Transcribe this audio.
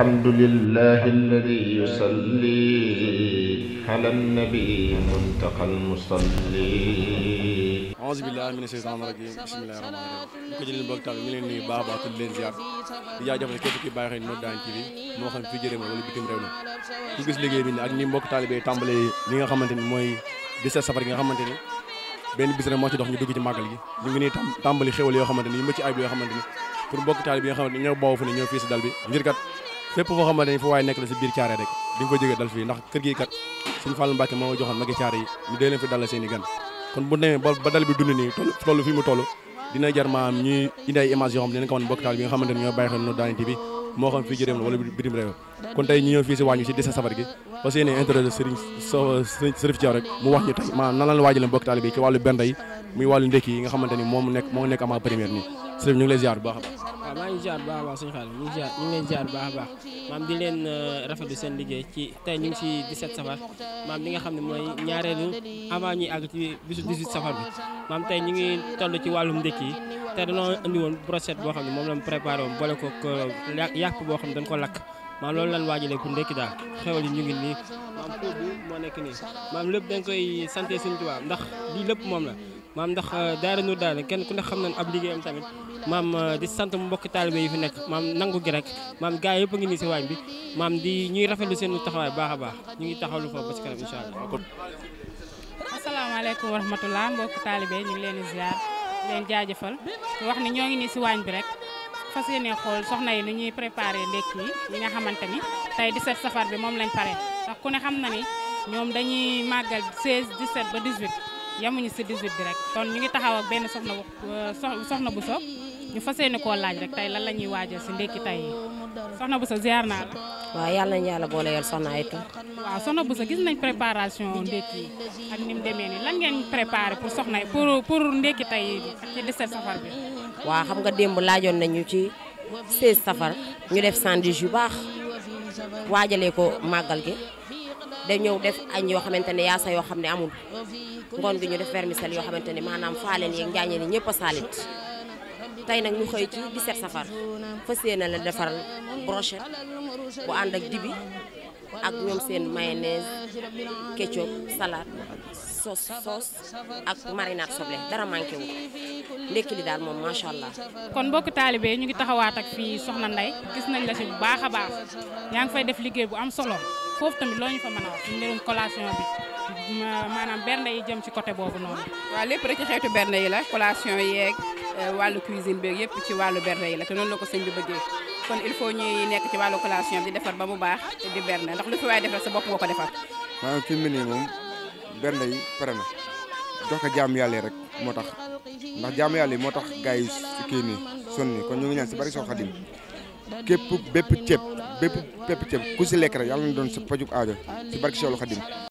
الحمد لله الذي يصلي على النبي منتقى المصلي أعوذ بالله من الشيطان الرجيم بسم الله الرحمن الرحيم كجل البقتا ملين ني بابا تلين زيار يا جفل كيف كي بايخين مدان كيبي موخن في جريم ولي بكم رونا تجس لغي بنا أجني موك طالبي تامبلي لغا خمانتين موي بسا سفر غا خمانتين بين بسر موشي دخني دوجي تماغل لغني تامبلي خيولي يو خمانتين يمتي عيب يو خمانتين pour mbokk talib yi nga xamanteni ñeu bawu fu ne ñeu fi dal bi ngir kat fépp foo xamante ni fu waaye nekk la si biir caare rek di nga ko jógee dal fii ndax kër gi kat suñu Fallou Mbacke moo joxoon magi caare yi ñu dee leen fi dalal seen i gan kon bu demee ba dal bi dund nii toll fi mu toll dina jar maam ñuy indi ay images yoo xam ne dinañ nga xamante ni ñoo bàyyi moo xam nekk moo première nii Serif ñu ngi lay ziar waaw a ñu jaar baax a baax maam di leen euh, rafetlu seen liggéey ci tey ñu ngi si 17 safar maam li nga xam ne mooy ñaareelu avant ñuy àgg ci bisu 18 safar bi maam tey ñu ngi toll ci wàllum ndékki yi te dañoo indi woon brochette boo xam ne moom lañ préparé woon boole ko euh, yàpp boo xam ne dañ ko lakk maam loolu lan waajalee pour ndekki daal xewal yi ñu ngi nii maam pour moo nekk nii maam lépp dañ koy santé suñu tubaab ndax lii lépp moom la maam ndax euh, daara Nuur daara kenn ku ne xam nañ ab liggéeyam tamit maam euh, di sant mbokki taalibe yi fi nekk maam nangu gi rek maam gaa yëpp a ngi nii si waañ bi maam di ñuy rafetlu seen taxawaay baax a baax ñu ngi taxawlu foofu ba si kanam incha allah. asalaamaaleykum wa di ziar leen jaajëfal wax ni ñoo ngi si waañ bi rek fas yéene xool soxna yi nu ñuy préparé ndekki yi nga xamante ni tey 17 safar bi moom lañ pare ndax ku ne xam na ni ñoom dañuy màggal 16 17 ba 18. yamuñu si 18 bi rek kon ñu ngi taxaw ak benn soxna bu soxna bu soog ñu fas yéene koo laaj rek tey lan la ñuy waajal si ndekki tey soxna bu soog ziar naa la. yàlla nañu yàlla boole yol soxna Aytu. waaw bu soog gis nañ préparation ndekki ak ni mu demee nii lan ngeen préparé pour soxna pour pour ndekki tey ci 17 safar bi. waaw xam nga démb laajoon nañu ci 16 safar ñu def sant sandwich yu baax waajalee ko màggal gi. da ñëw def añ yoo xamante ne yaasa yoo xam ne amul ngoon gi ñu def vermicelle yoo xamante ne maanaam faaleen yeeg njaañeen yi a saalit tey nag ñu xëy ci 17 safar fas yéene la defaral brochette bu ànd ak dibi ak ñoom seen mayonnaise ketchup salade sos soos ak marinade soble dara manqué wu ndekki li daal moom macha allah. kon mbokk taalibe ñu ngi taxawaat ak fii Soxna Ndeye gis nañ la si bu baax a baax yaa ngi fay def liggéey bu am solo foofu tamit loo ñu fa mën a wax mbirum collation yi jëm ci côté boobu noonu. waa lépp rek ci xeetu bernde yi la collation yeeg euh, wàllu cuisine beeg yëpp ci wàllu bernde yi la te noonu la ko sëñ bi bëggee. kon il faut ñuy nekk ci wàllu collation bi di defar ba mu baax di berne ndax lu fi waay defar sa bopp benn yi pare na jox ko jaamu yàlla yi rek moo tax ndax jaamu yàlla yi moo tax gars yi kii nii sonni kon ñu ngi ñaan si bari soo xadim képp bépp ceeb bépp bépp ceeb ku si lekk rek yàlla na doon sa pajug aajo si barki Seexul Xadim